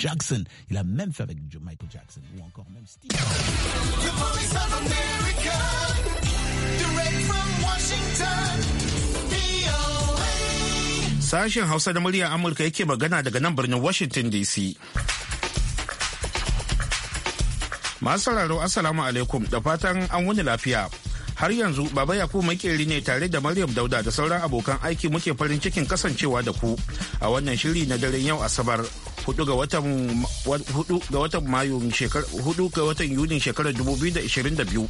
Jackson. Il a même fait avec Michael Jackson ou encore même Steve. Sashen Hausa da muryar Amurka yake magana daga nan birnin Washington DC. Masu sauraro Assalamu alaikum da fatan an wuni lafiya. Har yanzu Baba Yakubu makeri ne tare da Maryam Dauda da sauran abokan aiki muke farin cikin kasancewa da ku a wannan shiri na daren yau Asabar hudu ga watan mayu hudu ga watan yuni shekarar 2022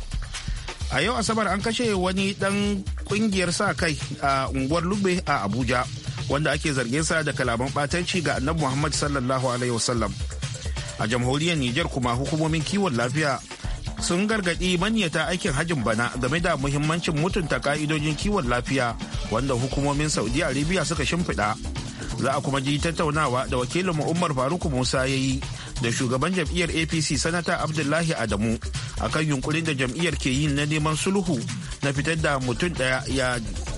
a yau asabar an kashe wani dan kungiyar sa kai a unguwar lube a abuja wanda ake zargin sa da kalaman batanci ga annabi muhammad sallallahu alaihi wasallam a jamhuriyar niger kuma hukumomin kiwon lafiya sun gargadi manyata aikin hajin bana game da muhimmancin mutunta ka'idojin kiwon lafiya wanda hukumomin saudi arabia suka shimfiɗa za a kuma ji tattaunawa da wakilin umar faruk musa ya yi da shugaban jam'iyyar apc sanata abdullahi adamu a kan yunkurin da jam'iyyar ke yi na neman sulhu na fitar da mutum daya ya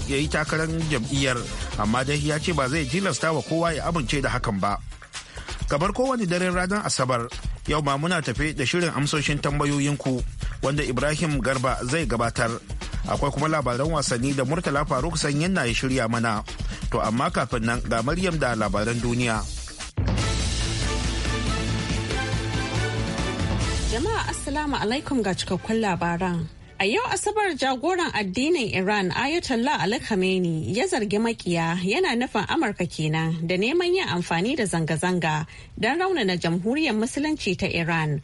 yi takarar jam'iyyar amma dai ya ce ba zai tilasta wa kowa ya amince da hakan ba kamar kowane daren ranar asabar yau ma muna tafe da shirin amsoshin tambayoyinku wanda ibrahim garba zai gabatar akwai kuma labaran wasanni da murtala faruk sanyin na ya shirya mana to amma kafin nan ga maryam da labaran duniya jama'a assalamu alaikum ga cikakkun labaran A yau Asabar jagoran addinin Iran Ayatollah Ali Khamenei ya zargi makiya yana nufin Amurka kenan da neman yin amfani da zanga-zanga don raunana jamhuriyar musulunci ta Iran.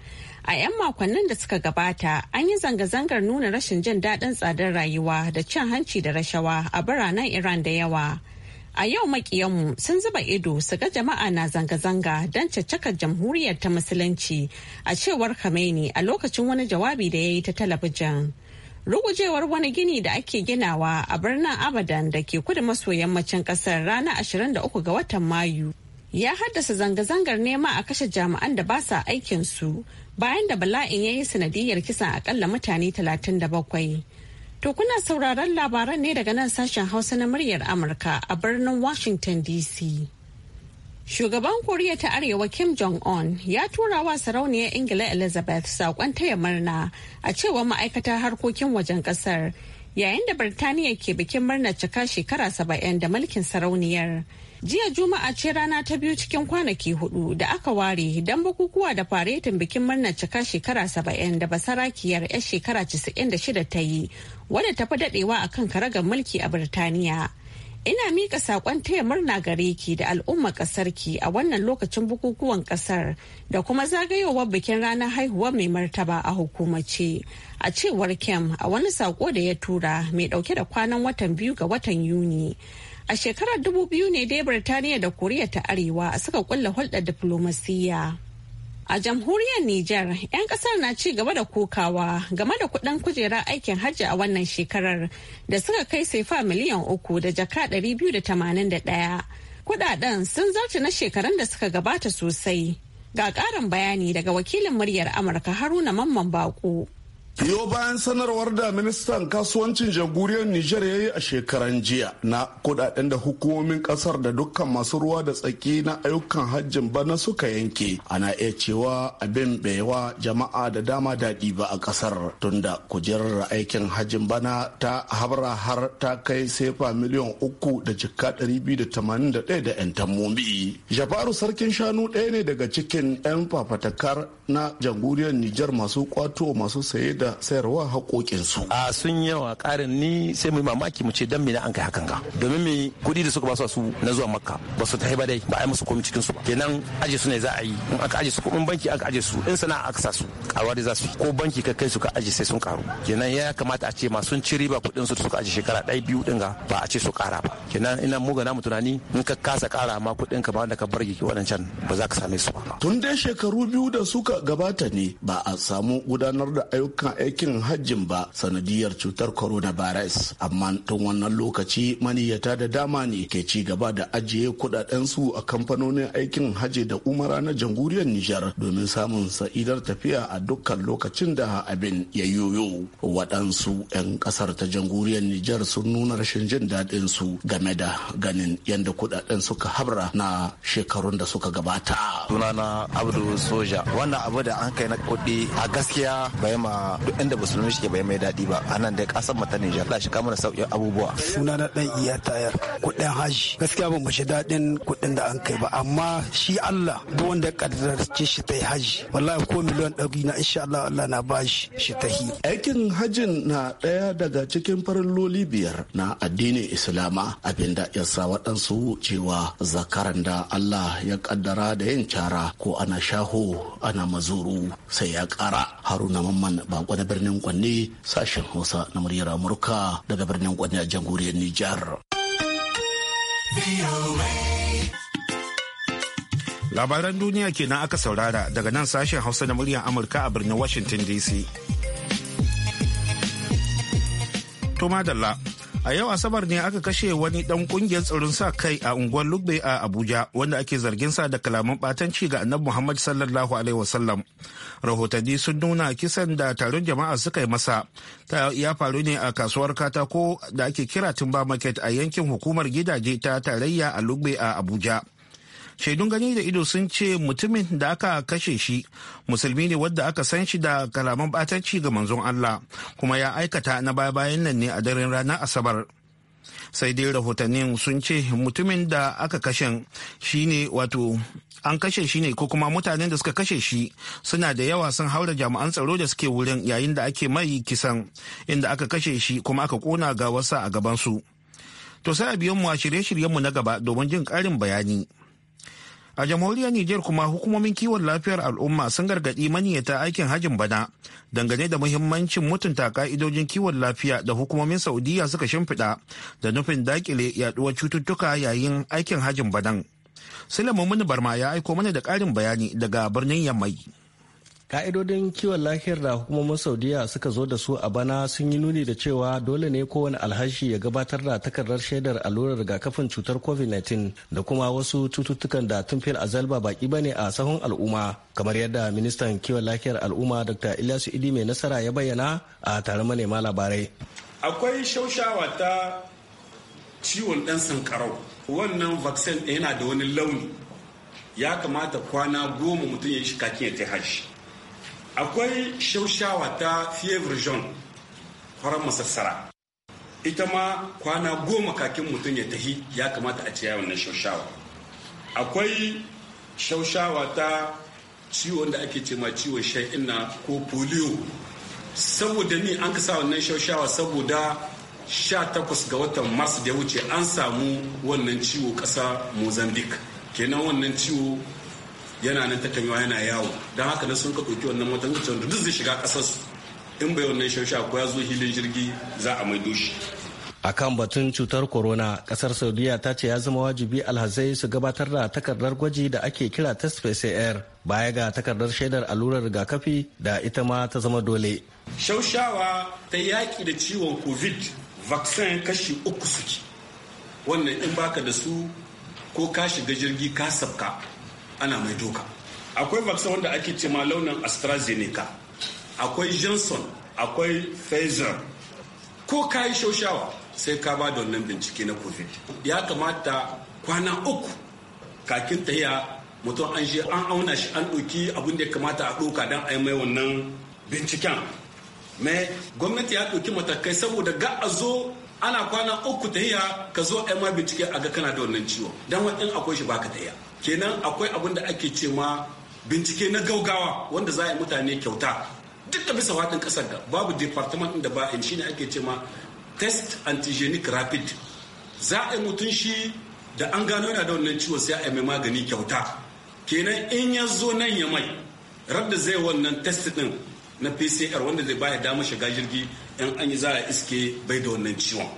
A 'yan makonnin da suka gabata, an yi zanga-zangar nuna rashin jin daɗin tsadar rayuwa da cin hanci da rashawa a biranen Iran da yawa. A yau makiyanmu sun zuba ido su ga jama'a na zanga-zanga don caccakar jamhuriyar ta musulunci a cewar kameni a lokacin wani jawabi da ya yi ta talabijin. Rugujewar wani gini da ake ginawa a birnin Abadan da ke kudu maso yammacin kasar ranar 23 ga watan Mayu ya haddasa zanga-zangar nema a kashe jami'an da ba sa aikinsu bayan da bala'in ya yi sanadiyar kisa akalla mutane 37. To kuna sauraron labaran ne daga nan sashen Hausa na muryar Amurka a birnin Washington DC. Shugaban Koriya ta Arewa Kim Jong-un ya tura wa sarauniyar Ingila Elizabeth saƙon taya murna a cewa ma'aikatar harkokin wajen ƙasar yayin da Birtaniya ke bikin murnar cika shekara saba'in da mulkin sarauniyar. Jiya Juma'a ce rana ta biyu cikin kwanaki hudu da aka ware don bukukuwa da faretin bikin murnar cika shekara saba'in da basarakiyar 'yar shekara da shida ta yi wadda tafi dadewa a kan karagar mulki a Birtaniya. Ina mika saƙon taya murna gare ki da al'umma ƙasar ki a wannan lokacin bukukuwan ƙasar da kuma zagayowar bikin ranar haihuwar mai martaba a hukumace. A cewar Kem a wani saƙo da ya tura mai ɗauke da kwanan watan biyu ga watan Yuni. A shekarar dubu biyu ne dai Birtaniya da Koriya ta Arewa suka kulla hulɗar diflomasiyya. A jamhuriyar Nijar, 'yan kasar na ci gaba da kokawa game da kuɗin kujerar aikin hajji a wannan shekarar da suka kai saifa miliyan uku da jaka ɗari biyu da da tamanin ɗaya. Kudaden sun zarce na shekarun da suka gabata sosai. Ga ƙarin bayani daga wakilin muryar Amurka Haruna Mamman Baƙo. Biyo bayan sanarwar da ministan kasuwancin jamhuriyar Nijar ya yi a shekaran jiya na kudaden da hukumomin kasar da dukkan masu ruwa da tsaki na ayyukan hajjin bana suka yanke ana iya cewa abin baiwa jama'a da dama daɗi ba a kasar tunda kujerar aikin hajjin bana ta habra har ta kai sefa miliyan uku da cika ɗari biyu da tamanin da ɗaya da yan tammomi. Jabaru sarkin shanu ɗaya ne daga cikin yan fafatakar na jamhuriyar Nijar masu kwato masu saye da da sayarwa haƙoƙinsu. A sun yawa ƙarin ni sai mu mamaki mu ce dan me na an kai hakan ga. Domin me kuɗi da suka ba su na zuwa Makka ba su tafi ba dai ba a yi musu komai cikin su ba. Kenan aje su ne za a yi in aka aje su ko in banki aka aje su in sana'a aka sa su karuwa da za su ko banki ka kai su ka aje sai sun karu. Kenan ya kamata a ce ma sun ci riba kuɗin su suka aje shekara ɗaya biyu ɗin ga ba a ce su kara ba. Kenan ina mu ga mu tunani in ka kasa kara ma kuɗin ka ba wanda ka bar waɗancan ba za ka same su ba. Tun dai shekaru biyu da suka gabata ne ba a samu gudanar da ayyukan aikin hajjin ba sanadiyar cutar coronavirus amma tun wannan lokaci maniyyata da dama ne ke ci gaba da ajiye kudadensu a kamfanonin aikin hajji da umara na jamhuriyar nijar domin samun sa'idar tafiya a dukkan lokacin da abin ya yoyo waɗansu 'yan ƙasar ta jamhuriyar nijar sun nuna rashin jin daɗin su game da ganin yadda kudaden suka habra na shekarun da suka gabata sunana abdu soja wannan abu da an kai na kuɗi a gaskiya bai ma duk inda musulmi shi bai mai daɗi ba a nan dai kasar mu Nijar Allah shi kamar sauƙin abubuwa suna na ɗan iya tayar kuɗin haji gaskiya ban bashi daɗin kuɗin da an kai ba amma shi Allah duk wanda kaddarce shi ta haji wallahi ko miliyan ɗari na insha Allah Allah na ba shi ta yi aikin hajin na ɗaya daga cikin farin loli biyar na addinin Islama abinda ya sa waɗansu cewa zakaran da Allah ya kaddara da yin cara ko ana shaho ana mazuru sai ya ƙara haruna mamman ba bako birnin kwanne sashen hausa na muryar amurka daga birnin kwanne a jamhuriyar nijar labaran duniya kenan aka saurara daga nan sashen hausa na muryar amurka a birnin washington dc to madalla a yau asabar ne aka kashe wani dan kungiyar tsaron sa kai a unguwar lugbe a abuja wanda ake zargin sa da kalaman batanci ga annabi muhammad sallallahu alaihi wasallam rahotanni sun nuna kisan da taron jama'a suka yi masa ta ya faru ne a kasuwar katako da ake kira timba market a yankin hukumar gidaje ta tarayya a lugbe a abuja shaidun gani da ido sun ce mutumin da aka kashe shi musulmi ne wadda aka san shi da kalaman batanci ga manzon Allah kuma ya aikata na baya-bayan nan ne a daren ranar asabar sai dai rahotannin sun ce mutumin da aka kashe shi ne wato an kashe shi ne ko kuma mutanen da suka kashe shi suna da yawa sun haura jami'an tsaro da suke wurin yayin da ake mai kisan inda aka kashe shi kuma aka kona ga wasa a gabansu to sai a biyan mu a shirye-shiryenmu na gaba domin jin karin bayani A jamhuriyar niger kuma hukumomin kiwon lafiyar al'umma sun gargaɗi maniyata aikin hajin bana dangane da muhimmancin mutunta ka'idojin kiwon lafiya da hukumomin Saudiya suka shimfiɗa da nufin dakile yaɗuwar cututtuka yayin aikin hajin banan. Sulaiman mini Barma ya aiko mana da ƙarin bayani daga birnin yamai. Ka'idodin kiwon lafiyar da hukumomin Saudiya suka zo da su a bana sun yi nuni da cewa dole ne kowane alhashi ya gabatar da takardar shaidar allurar rigakafin cutar COVID-19 da kuma wasu cututtukan da tun fil azal ba baki bane a sahun al'umma. Kamar yadda ministan kiwon lafiyar al'umma Dr. Ilyasu Idi mai nasara ya bayyana a taron manema labarai. Akwai shaushawa ta ciwon ɗan sankarau wannan vaccine yana da wani launi ya kamata kwana goma mutum ya shi kakin ya ta hashi akwai shaushawa ta fever john kwaran masassara ita ma kwana goma kakin mutum ya tahi ya kamata a ciya wannan shaushawa akwai shaushawa ta ciwon da ake cema ciwon sha'ina ko polio saboda ni an kasa wannan shaushawa saboda sha takwas ga watan mars da ya wuce an samu wannan ciwo ƙasa mozambique kenan wannan ciwo yana nan ta yana yawo don haka na sun ka ɗauki wannan wata da duk zai shiga ƙasar in bai wannan shaushe ko ya zo hilin jirgi za a maido shi a kan batun cutar corona kasar saudiya ta ce ya zama wajibi alhazai su gabatar da takardar gwaji da ake kira test pcr baya ga takardar shaidar allurar rigakafi da ita ma ta zama dole shaushawa ta yaki da ciwon covid vaccine kashi uku suke wannan in baka da su ko ka shiga jirgi ka sabka ana mai doka akwai vaccine wanda ake ce ma launin astrazeneca akwai johnson akwai pfizer ko ka yi shaushawa sai ka ba da wannan bincike na covid ya kamata kwana uku kakin tahiya mutum an shi an auna shi an ɗauki abin da ya kamata a ɗauka don a yi mai wannan binciken mai gwamnati ya ɗauki matakai saboda ga a zo ana kwana uku tahiya ka zo a yi ma bincike a ga kana da wannan ciwo don wani akwai shi baka tahiya kenan akwai abin da ake ce ma bincike na gaugawa wanda za a yi mutane kyauta duk da bisa faɗin ƙasar da babu department ɗin da ba in shine ake ce ma test antigenic rapid za a yi mutum shi da an gano yana da wannan ciwon sai a mai magani kyauta kenan in ya zo nan ya mai radda zai wannan test ɗin na pcr wanda zai ya dama shiga jirgi in an yi za a iske bai da wannan ciwon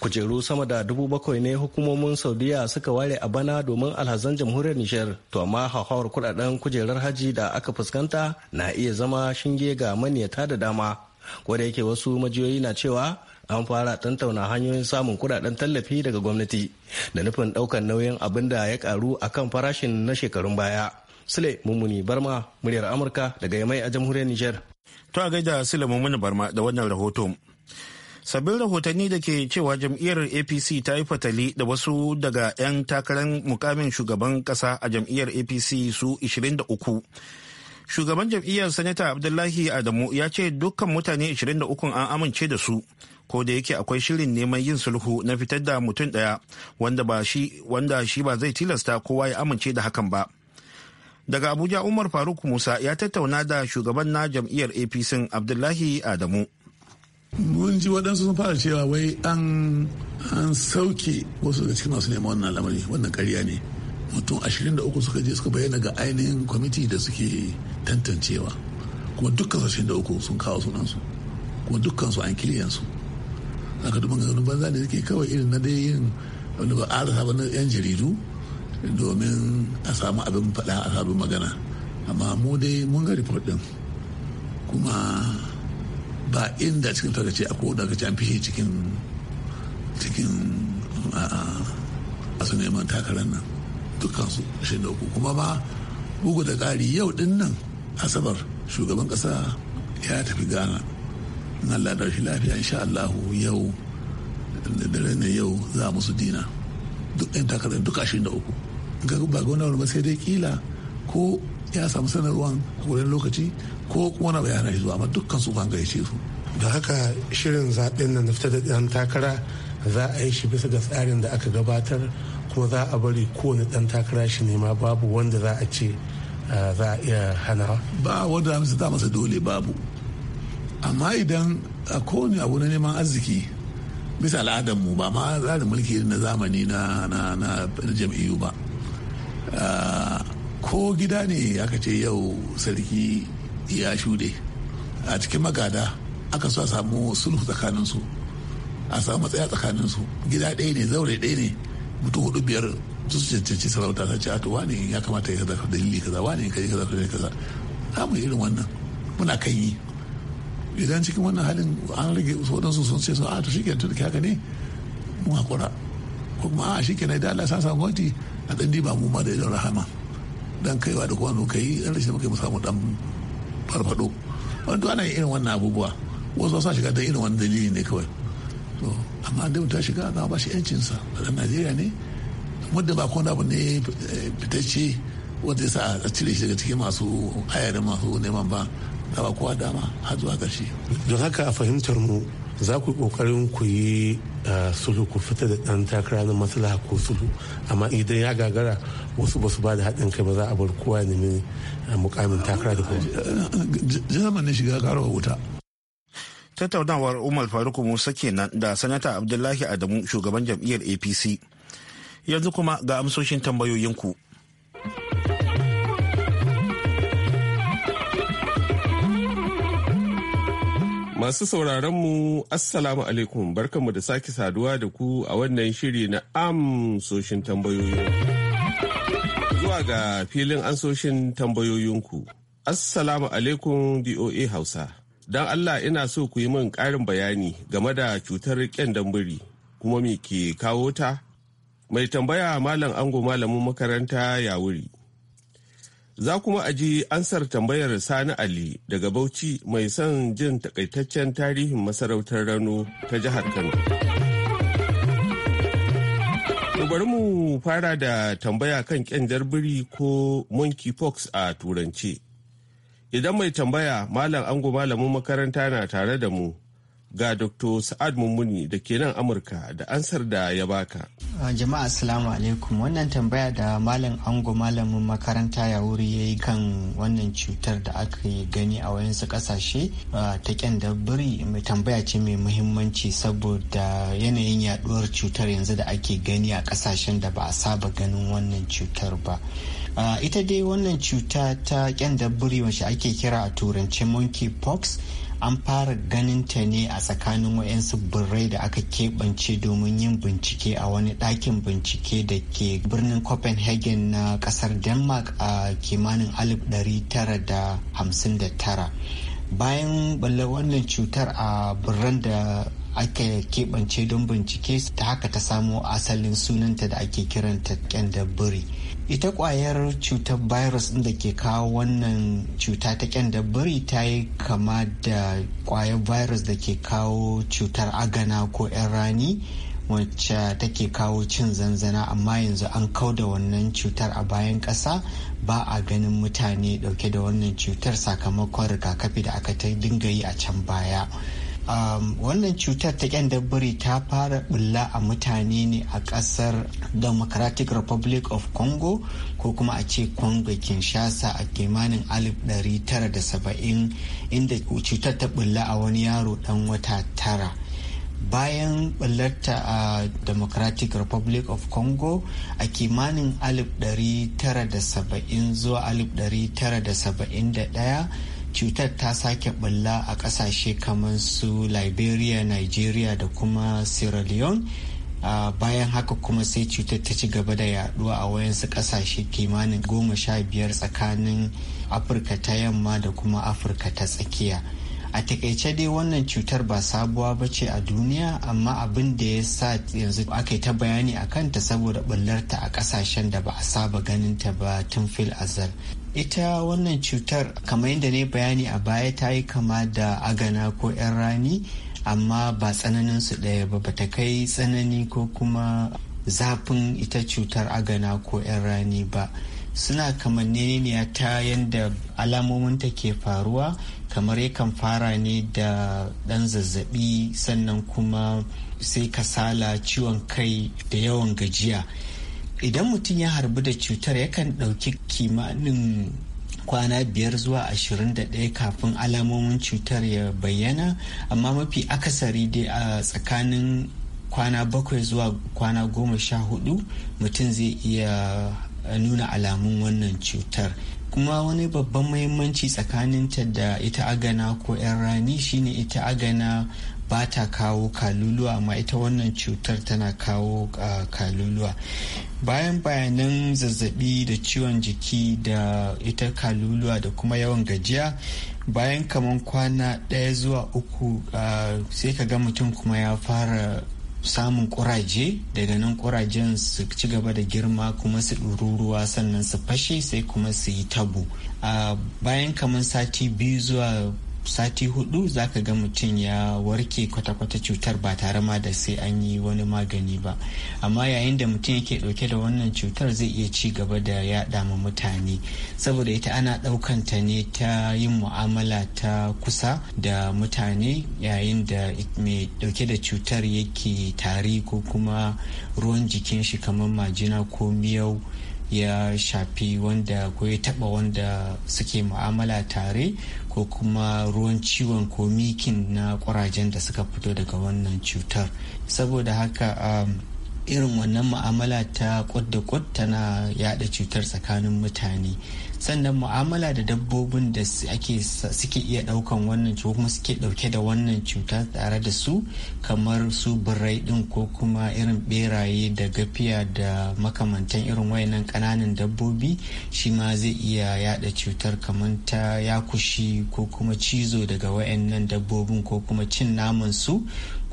kujeru sama da dubu bakwai ne hukumomin saudiya suka ware a bana domin alhazan jamhuriyar nijar to amma hauhawar kudaden kujerar haji da aka fuskanta na iya zama shinge ga maniyata da dama ko da yake wasu majiyoyi na cewa an fara tantauna hanyoyin samun kudaden tallafi daga gwamnati da nufin daukan nauyin abin da ya karu a kan farashin na shekarun baya sule mummuni barma muryar amurka daga yamai a jamhuriyar nijar to a gaida sule mummuni barma da wannan rahoton sabbin rahotanni da ke cewa jam'iyyar apc ta yi fatali da wasu daga 'yan takarar mukamin shugaban kasa a jam'iyyar apc su 23 shugaban jam'iyyar sanata abdullahi adamu ya ce dukkan mutane 23 an amince da su ko da yake akwai shirin neman yin sulhu na fitar da mutum ɗaya wanda shi ba zai tilasta kowa ya amince da hakan ba daga abuja umar faruk musa ya tattauna da shugaban na jam'iyyar apc abdullahi adamu mun ji waɗansu sun fara cewa wai an an sauke wasu daga cikin masu neman wannan lamari wannan karya ne mutum 23 suka je suka bayyana ga ainihin kwamiti da suke tantancewa kuma dukkan su 23 sun kawo sunansu kuma dukkan su an kiliyansu haka duk ganin banza ne suke kawai irin na dai yin wani ba a rasa wani yan jaridu domin a samu abin faɗa a sabon magana amma mu dai mun ga report din kuma ba inda cikin tarkace a ko daga an shi cikin cikin a su neman takarar nan dukkan su shi da uku kuma ba bugu da ƙari yau din nan asabar shugaban ƙasa ya tafi ghana na ladar shi lafiya insha allahu yau da dare ne yau za musu dina duk ɗan takarar duka shi da uku ga ba gona ba sai dai kila ko ya samu sanarwar wurin lokaci ko kuma na bayana shi zuwa amma dukkan su kan gaishe su da haka shirin zaɓen na fitar da ɗan takara za a yi shi bisa ga tsarin da aka gabatar kuma za a bari kowane ɗan takara shi nema babu wanda za a ce za a iya hana ba wanda za masa masa dole babu amma idan a kowane abu na neman arziki bisa al'adarmu ba ma tsarin mulki na zamani na jam'iyyu ba ko gida ne aka ce yau sarki ya shuɗe a cikin magada aka so a samu sulhu tsakaninsu a samu matsaya tsakaninsu gida ɗaya ne zaure ɗaya ne mutum hudu biyar su su cancanci sarauta ta ce ato wani ya kamata ya kaza dalili kaza wani ka yi kaza ka yi kaza za mu irin wannan muna kan yi idan cikin wannan halin an rage waɗansu sun ce su a to shikenan tun da haka ne mu hakura ko kuma a shikenan idan Allah ya sa samu gwamnati a ɗan ba mu ma da idan rahama dan kaiwa da kuma nuka yi an rashin muka yi samu dan farfado wanda ana yi irin wannan abubuwa wasu sa shiga da irin wani dalili ne kawai to amma da ta shiga za a ba shi sa dan najeriya ne wanda ba kona abu ne eh, fitacce wanda ya sa a cire shi daga cikin masu haya da masu neman ba da ba kowa dama har zuwa ƙarshe. don haka a fahimtar mu za ku yi ƙoƙarin ku yi sulhu ku fita da ɗan takara na maslaha ko sulhu amma idan ya gagara wasu ba su ba da haɗin kai ba za a bar kowa ne ne eh, mukamin takara da kowa. ne shiga karawa wuta. Tattaunawar Umar Faruk Musa kenan da Sanata Abdullahi Adamu shugaban jam'iyyar APC. Yanzu kuma ga amsoshin tambayoyinku. ku. Masu sauraronmu, Assalamu alaikum barkanmu da sake saduwa da ku a wannan shiri na amsoshin tambayoyi. Zuwa ga filin ansoshin tambayoyinku. Assalamu alaikum DOA Hausa. Don Allah ina so ku yi min ƙarin bayani game da cutar biri kuma me ke kawo ta? Mai tambaya Malam Ango Malamin makaranta ya wuri. Za kuma a ji ansar tambayar Sani Ali daga Bauchi mai son jin takaitaccen tarihin masarautar Rano ta jihar Kano. bari mu fara da tambaya kan ƙyanjar biri ko monkeypox a turance. Idan mai tambaya malam ango malamin makaranta na tare da mu ga dr sa'ad mummuni da ke nan amurka da ansar da ya baka ah, jama'a assalamu alaikum wannan tambaya da malam ango malamin makaranta ya wuri ya yi kan wannan cutar da aka gani a wayansu kasashe ah, ta biri mai tambaya ce mai muhimmanci saboda yanayin yaduwar cutar yanzu da ake gani a kasashen da ba a saba ganin wannan cutar ba ah, ita dai wannan cuta ta biri wacce ake kira a turance monkey pox an fara ganin ta ne a tsakanin wayansu birrai da aka keɓance domin yin bincike a wani ɗakin bincike da ke birnin copenhagen na ƙasar denmark a kimanin 1959 bayan balle wannan cutar a birran da aka keɓance don bincike ta haka ta samo asalin sunanta da ake kiranta ƙyanda biri ita kwayar cutar virus da ke kawo wannan cuta ta kyan bari ta yi kama da kwayar virus da ke kawo cutar agana ko 'yan rani wacce take kawo cin zanzana amma yanzu an kau da wannan cutar a bayan ƙasa ba a ganin mutane dauke da wannan cutar sakamakon rigakafi da aka ta dinga yi a can baya. Um, wannan cutar ta kyan dabbari ta fara bulla a mutane ne a kasar democratic republic of congo ko kuma a ce congo kinshasa a kimanin 1970 inda cutar ta bulla a wani yaro dan wata tara bayan ɓullarta a democratic republic of congo a kimanin 1970 zuwa 1971 cutar ta sake bulla a kasashe kamar su liberia nigeria da kuma sierra leone uh, bayan haka kuma sai cutar ta ci gaba da yaduwa a wayansu kasashe kimanin goma sha biyar tsakanin afirka ta yamma da kuma afirka ta tsakiya a takaice dai wannan cutar ba sabuwa ba ce a duniya amma abin da ya sa yanzu aka yi ta bayani a kanta saboda ɓullarta a ƙasashen da ba a saba ganin ta ba tun fil azal ita wannan cutar kamar yadda ne bayani a baya ta yi kama da agana ko 'yan rani amma ba tsananin su ɗaya ba ta kai tsanani ko kuma zafin ita cutar agana ko 'yan rani ba suna kamanneniya ta yadda alamominta ke faruwa kamar yakan fara ne da ɗan zazzabi sannan kuma sai kasala ciwon kai da yawan gajiya idan mutum ya harbi da cutar yakan ɗauki kimanin kwana biyar zuwa ashirin da ɗaya kafin alamomin cutar ya bayyana amma mafi akasari dai a tsakanin kwana bakwai zuwa kwana goma sha hudu mutum zai iya nuna alamun wannan cutar kuma wani babban muhimmanci tsakaninta da ita agana ko 'yan rani shine ita agana ba ta kawo kaluluwa amma ita wannan cutar tana kawo kaluluwa bayan bayanan zazzabi da ciwon jiki da ita kaluluwa da kuma yawan gajiya bayan kaman kwana ɗaya zuwa uku sai ka ga mutum kuma ya fara samun kuraje daga nan kurajen su ci gaba da girma kuma su ɗururuwa sannan su fashe sai kuma su yi tabo a bayan kamar sati biyu zuwa sati hudu za ka ga mutum ya warke kwata-kwata cutar ba tare ma da sai an yi wani magani ba amma yayin da mutum yake dauke da wannan cutar zai iya ci gaba da yaɗa ma mutane saboda ita ana ɗaukanta ne ta yin mu'amala ta kusa da mutane yayin da mai dauke da cutar yake tari ko kuma ruwan jikin shi kamar majina ko miyau ya shafi wanda ko ya taba wanda suke mu'amala tare ko kuma ruwan ciwon ko mikin na kurajen da suka fito daga wannan cutar saboda haka um, irin wannan mu'amala ta kwadda da kwad tana yada cutar tsakanin mutane sannan mu'amala da dabbobin da suke iya daukan wannan cuta kuma suke dauke da wannan cuta tare da su kamar su birai din ko kuma irin beraye da gafiya da makamantan irin wayannan kananan dabbobi shi ma zai iya yada cutar kamar ta yakushi ko kuma cizo daga wayannan dabbobin ko kuma cin naman su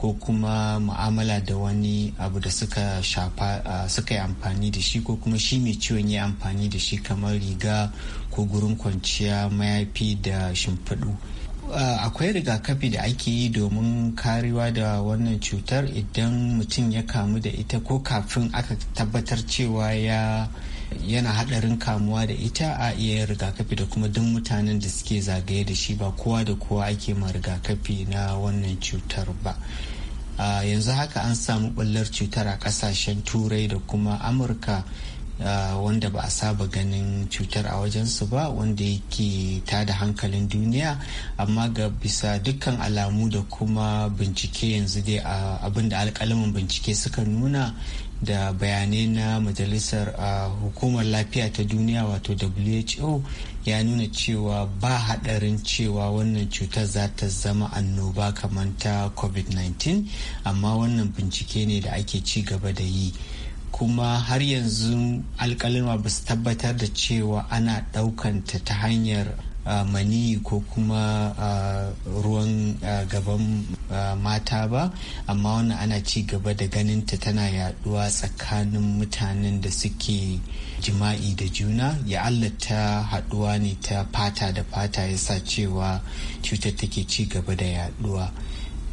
ko kuma mu'amala da wani abu da suka shafa suka yi amfani da shi ko kuma shi mai ciwon ya amfani da shi kamar riga ko gurin kwanciya mayafi da shimfiɗu akwai rigakafi da ake yi domin kariwa da wannan cutar idan mutum ya kamu da ita ko kafin aka tabbatar cewa ya yana hadarin kamuwa da ita a iya rigakafi da kuma duk mutanen da suke zagaye da shi ba kowa da kowa ake ma rigakafi na wannan cutar ba. Uh, yanzu haka an samu ɓallar cutar a ƙasashen turai da kuma amurka uh, wanda ba a saba ganin cutar a wajensu ba wanda yake tada hankalin duniya amma ga bisa dukkan alamu da kuma bincike yanzu dai uh, abin alkalamin bincike suka nuna da bayanai na majalisar hukumar lafiya ta duniya wato who ya nuna cewa ba hadarin cewa wannan cutar za ta zama annoba kamar ta covid-19 amma wannan bincike ne da ake ci gaba da yi kuma har yanzu alkalima ba su tabbatar da cewa ana ɗaukanta ta hanyar mani ko kuma ruwan gaban mata ba amma wani ana ci gaba da ganin ta tana yaduwa tsakanin mutanen da suke jima'i da juna ya ta haduwa ne ta fata da fata ya sa cewa cutar take ci gaba da yaduwa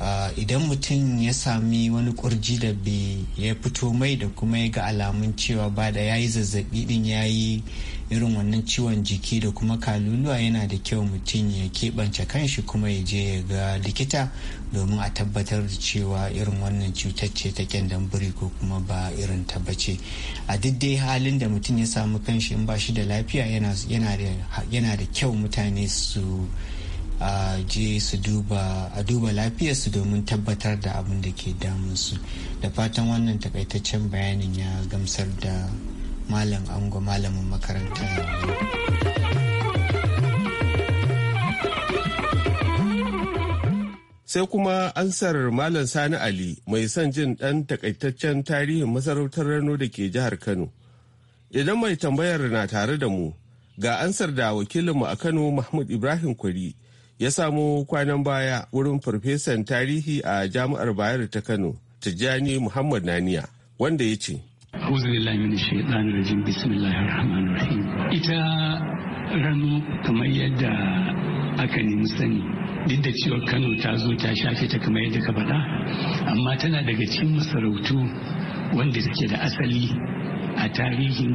Ah, idan mutum ya sami wani kurji da bi ya fito mai da kuma ya ga alamun cewa ba da ya yi zazzabi din ya yi irin wannan ciwon jiki da kuma kaluluwa yana da kyau mutum ya keɓance kanshi kuma ya je ya ga likita domin a tabbatar da cewa irin wannan cutar ce ta kyandan biri ko kuma ba irin ta bace a duk dai halin da mutum ya samu kanshi in ba shi da lafiya yana da kyau mutane su a je su duba a duba lafiyarsu domin tabbatar da abin da ke su da fatan wannan takaitaccen bayanin ya gamsar da malam ango malamin makaranta sai kuma ansar malam sani ali mai son jin ɗan takaitaccen tarihin masarautar rano da ke jihar kano idan mai tambayar na tare da mu ga ansar da wakilinmu a kano mahmud ibrahim kwari ya samu kwanan baya wurin farfesan tarihi a jami'ar bayar ta kano tijjani muhammad naniya wanda ya ce ita rano kamar yadda aka nemi sani duk da cewa kano ta zo ta shafe ta kamar yadda ka faɗa amma tana daga cikin masarautu wanda suke da asali a tarihin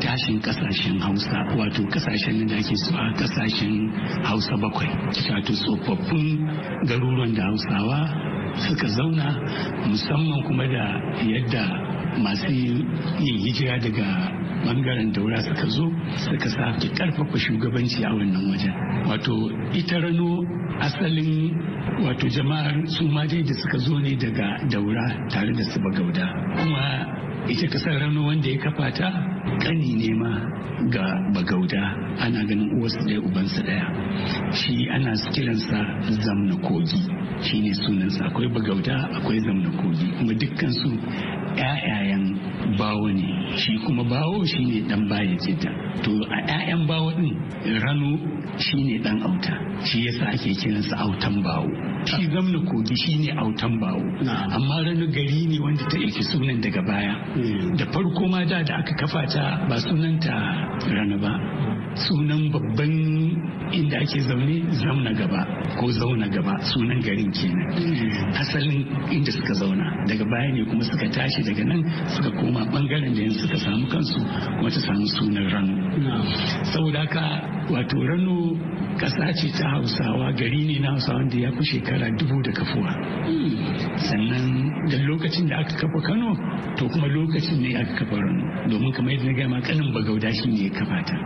tashin kasashen hausa wato kasashen da ake a kasashen hausa bakwai wato tsofaffin garuruwan da hausawa suka zauna musamman kuma da yadda masu yin hijira daga bangaren daura suka zo suka sake karfafa shugabanci a wannan wajen wato ita rano asalin wato jama'ar su da suka zo ne daga daura tare da su gauda kuma ita kasar rano wanda ya kafa ta kani ne ma ga bagauda ana ganin uwarsa ɗaya ubansa ɗaya shi ana kiransa zamna kogi shi ne sunansa akwai bagauda akwai zamna kogi kuma dukkansu su 'ya'yayan bawo ne shi kuma bawo shi ne dan bayan jidda to a 'ya'yan bawo ɗin rano shi ne dan auta shi ya sa ake kiransa autan bawo shi gamna kogi shi ne autan bawo amma rano gari ne wanda ta iki sunan daga baya hmm. da farko ma da da aka kafa ta ba sunanta rano ba sunan babban inda ake zaune zauna gaba ko zauna gaba sunan garin kenan hmm. asalin inda suka zauna daga baya ne kuma suka tashi daga nan suka koma amma bangaren da yanzu suka samu kansu wata samu sunan rano saboda haka wato rano ƙasa ce ta hausawa gari ne na hausawa da ya fi shekara dubu da kafuwa sannan da lokacin da aka kafa kano to kuma lokacin ne aka kafa rano domin kamar yadda na gama kanin bagauda shi ne ya kafa ta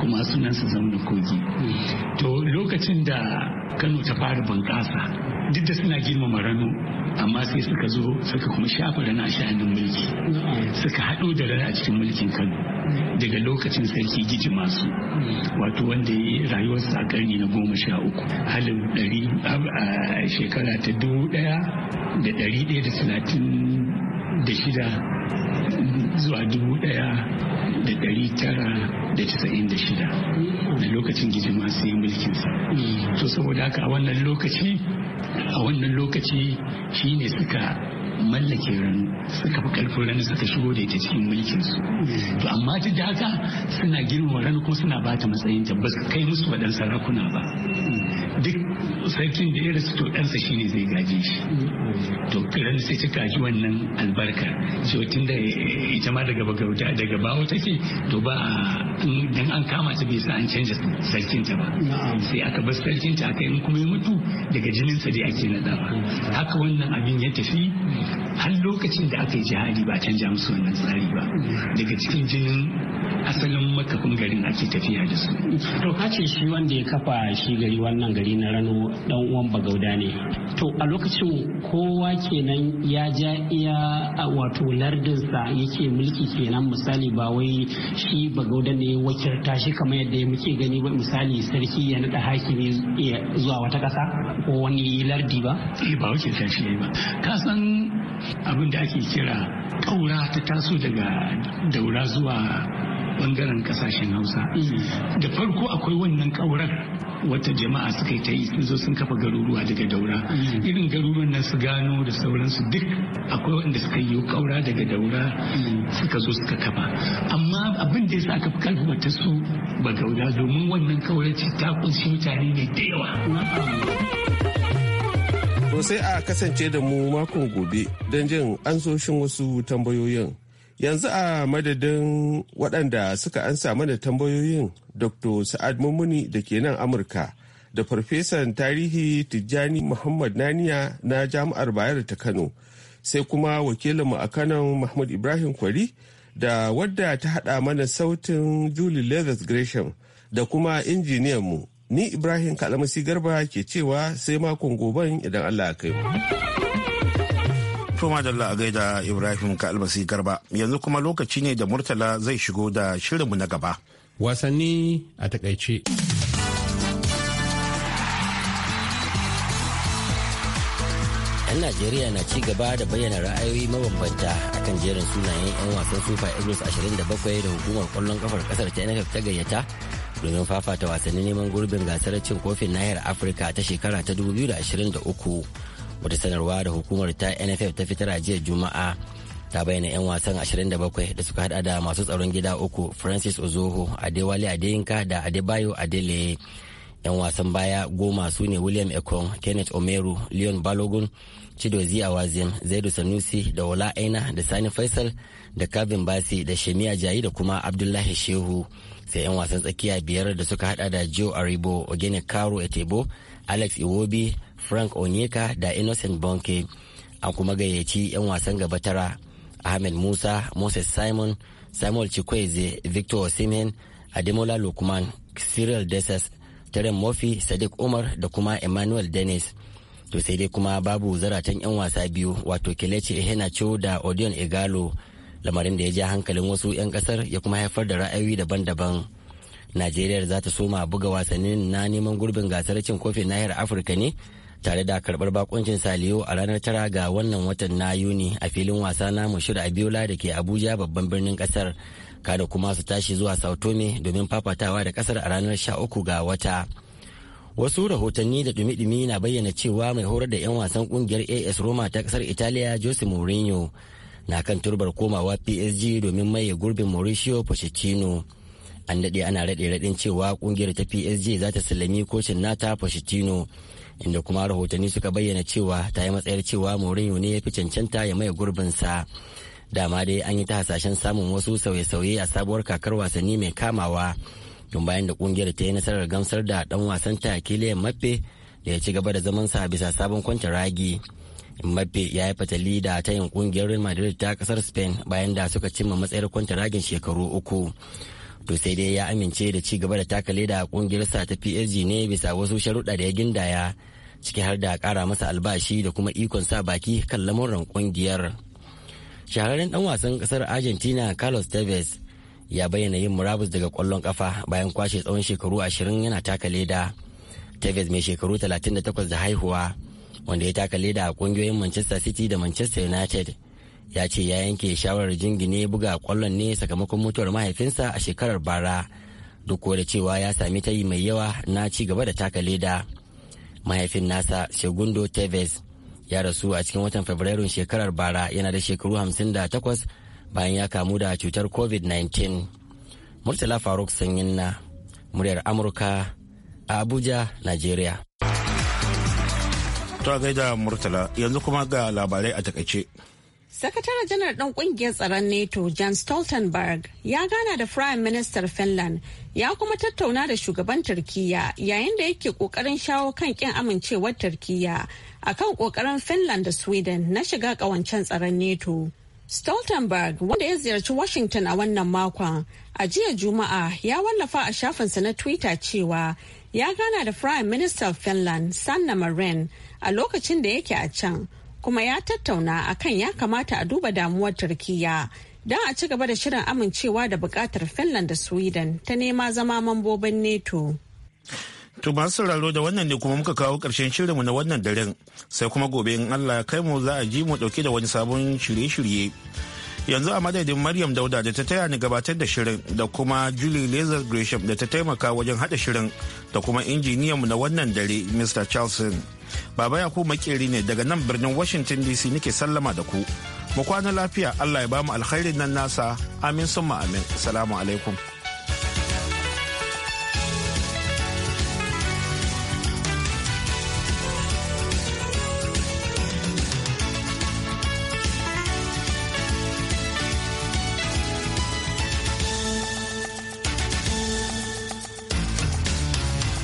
kuma su zaune kogi to lokacin da kano ta fara bunƙasa duk da suna girmama rano amma sai suka zo suka kuma shafa rana a sha'anin mulki suka haɗo da rana a cikin mulkin kano daga lokacin sarki giji masu wato wanda ya rayuwarsa a karni na goma sha uku halin ɗari a shekara ta dubu ɗaya da ɗari ɗaya da talatin da shida zuwa dubu ɗaya da ɗari tara da casa'in da shida Da lokacin gijima sai mulkinsa mm. to saboda haka a wannan lokaci a wannan lokaci shi ne suka mallake rani suka fi karfin rani suka shigo da ita cikin mulkin su to amma duk da haka suna girma rani kuma suna ba ta matsayin ta ba kai musu waɗansu sarakuna ba duk sarkin da ya rasu to ɗansa shine zai gaje shi to rani sai ta kaji wannan albarka cewa tun da ita ma daga bagauta daga bawo take to ba dan an kama ta bai sa an canja sarkin ta ba sai aka bar sarkin ta aka yi kuma ya mutu daga jininsa dai ake nadawa haka wannan abin ya tafi har lokacin da aka yi jihadi ba can musu wannan tsari ba daga cikin jinin asalin makafin garin ake tafiya da su to ka shi wanda ya kafa shi gari wannan gari na rano dan uwan bagauda ne to a lokacin kowa kenan ya ja iya wato lardinsa yake mulki kenan misali ba wai shi bagauda ne wakilta shi kamar yadda muke gani ba misali sarki ya nada hakimi zuwa wata kasa ko wani lardi ba eh ba wakilta shi ne ba ka abin da ake kira ƙaura ta taso daga daura zuwa bangaren ƙasashen hausa mm. da farko akwai wannan ƙaurar wata jama'a suka yi ta yi sun zo sun kafa garuruwa daga daura mm. irin garuruwan nan su gano da sauransu duk akwai wanda suka yi ƙaura daga daura mm. suka zo suka kafa amma abin da ya sa aka fi su ba gauda domin wannan ƙaurar ce ta kunshi mutane ne da yawa To sai a kasance da mu makon gobe don jin ansoshin wasu tambayoyin. Yanzu a madadin waɗanda suka ansa mana tambayoyin Dr. Sa'ad Mummuni da ke nan Amurka da Farfesan Tarihi Tijjani Muhammad Naniya na Jami'ar Bayar ta Kano, sai kuma wakilinmu a Kano Mahmud Ibrahim Kwari da wadda ta haɗa mana sautin Julie Leathers Gresham da kuma injiniyanmu Ni Ibrahim Kalamasi Garba ke cewa sai makon goben idan Allah ya kai kuma da Dalla a gaida Ibrahim almasi Garba yanzu kuma lokaci ne da Murtala zai shigo da shirinmu na gaba. Wasanni a takaice. Yan Najeriya na ci gaba da bayyana ra'ayoyi mabambanta akan jerin sunayen 'yan wasan Super Eagles 27 da hukumar kwallon kafar kasar ta ta gayyata domin fafata wasannin neman gurbin gasar cin kofin nahiyar afirka ta shekara ta 2023 wata sanarwa da hukumar ta nff ta fitar jiya juma'a ta bayyana 'yan wasan 27 da suka hada da masu tsaron gida uku francis ozoho adewale adeyinka da adebayo adele 'yan wasan baya goma su ne william ekong kenneth omeru leon balogun chidozi awazin zaidu sanusi da wala aina da sani faisal da kavin basi da shemiya jayi da kuma abdullahi shehu sai 'yan wasan tsakiya biyar da suka hada da joe aribo ogene karo etebo alex iwobi frank onyeka da innocent bonke an kuma gayyaci 'yan wasan gaba tara ahmed musa moses simon samuel chikweze victor osimhen ademola lukman cyril desas taren murphy sadiq umar da kuma emmanuel dennis to sai dai kuma babu zaratan 'yan wasa biyu wato kelechi ehenacho da odion igalo lamarin da ya ja hankalin wasu 'yan kasar ya kuma haifar da ra'ayoyi daban-daban najeriya za ta soma buga wasannin na neman gurbin gasar cin kofin nahiyar afirka ne tare da karbar bakuncin saliyo a ranar tara ga wannan watan na yuni a filin wasa na mushir abiola da ke abuja babban birnin kasar kada kuma su tashi zuwa sao tome domin fafatawa da kasar a ranar sha uku ga wata wasu rahotanni da dumi-dumi na bayyana cewa mai horar da 'yan wasan kungiyar as roma ta kasar italiya jose mourinho na kan turbar komawa PSG domin maye gurbin Mauricio Pochettino. An daɗe ana raɗe raɗin cewa ƙungiyar ta PSG za ta sallami kocin nata Pochettino inda kuma rahotanni suka bayyana cewa ta yi matsayar cewa Mourinho ne ya fi cancanta ya maye gurbinsa. Dama dai an yi ta hasashen samun wasu sauye-sauye a sabuwar kakar wasanni mai kamawa. Tun bayan da ƙungiyar ta yi nasarar gamsar da ɗan ta Kylian Mbappe da ya ci gaba da zamansa bisa sabon kwanta ragi. Mbappe ya yi fatali da tayin kungiyar Real Madrid ta kasar Spain bayan da suka cimma matsayar kwanta ragin shekaru uku. To sai dai ya amince da ci gaba da takale da sa ta PSG ne bisa wasu sharuɗa da ya gindaya ciki har da kara masa albashi da kuma ikon sa baki kan lamuran kungiyar. Shahararren dan wasan kasar Argentina Carlos Tevez ya bayyana yin murabus daga kwallon kafa bayan kwashe tsawon shekaru ashirin yana taka leda. Tevez mai shekaru 38 da haihuwa wanda ya taka leda a kungiyoyin manchester city da manchester united ya ce ya yanke shawarar jingine buga kwallon ne sakamakon mutuwar mahaifinsa a shekarar bara duk da cewa ya sami tayi mai yawa na ci gaba da taka leda mahaifin nasa segundo tevez ya rasu a cikin watan fabrairun shekarar bara yana da shekaru 58 bayan ya kamu da cutar covid-19 murtala faruk sanyin na muryar amurka a abuja nigeria Ta gaida Murtala yanzu kuma ga labarai a takaice. Sakataren janar ɗan ƙungiyar tsaron NATO Jan Stoltenberg ya gana da Prime Minister Finland ya kuma tattauna da shugaban Turkiyya yayin da yake ƙoƙarin shawo kan ƙin amincewar Turkiyya akan ƙoƙarin Finland da Sweden na shiga ƙawancen tsaron NATO. Stoltenberg wanda ya ziyarci Washington a wannan makon a jiya Juma'a ya wallafa a shafinsa na Twitter cewa ya gana da Prime Minister Finland Sanna Marin a lokacin da yake a can kuma ya tattauna akan ya kamata a duba damuwar turkiya don a ci gaba da shirin amincewa da bukatar finland da sweden ta nema zama mambobin neto To masu sauraro da wannan ne kuma muka kawo shirin shirinmu na wannan daren sai kuma gobe in Allah kai mu za a ji mu dauke da wani sabon shirye-shirye. yanzu a madadin maryam dauda da ta taya ni gabatar da shirin da kuma julie lazar gresham da ta taimaka wajen hada shirin da kuma injiniyanmu na wannan dare mr charleston baba ya ku makeri ne daga nan birnin washington dc nake sallama da ku mu kwana lafiya allah ya bamu alkhairin nan nasa amin summa amin salamu alaikum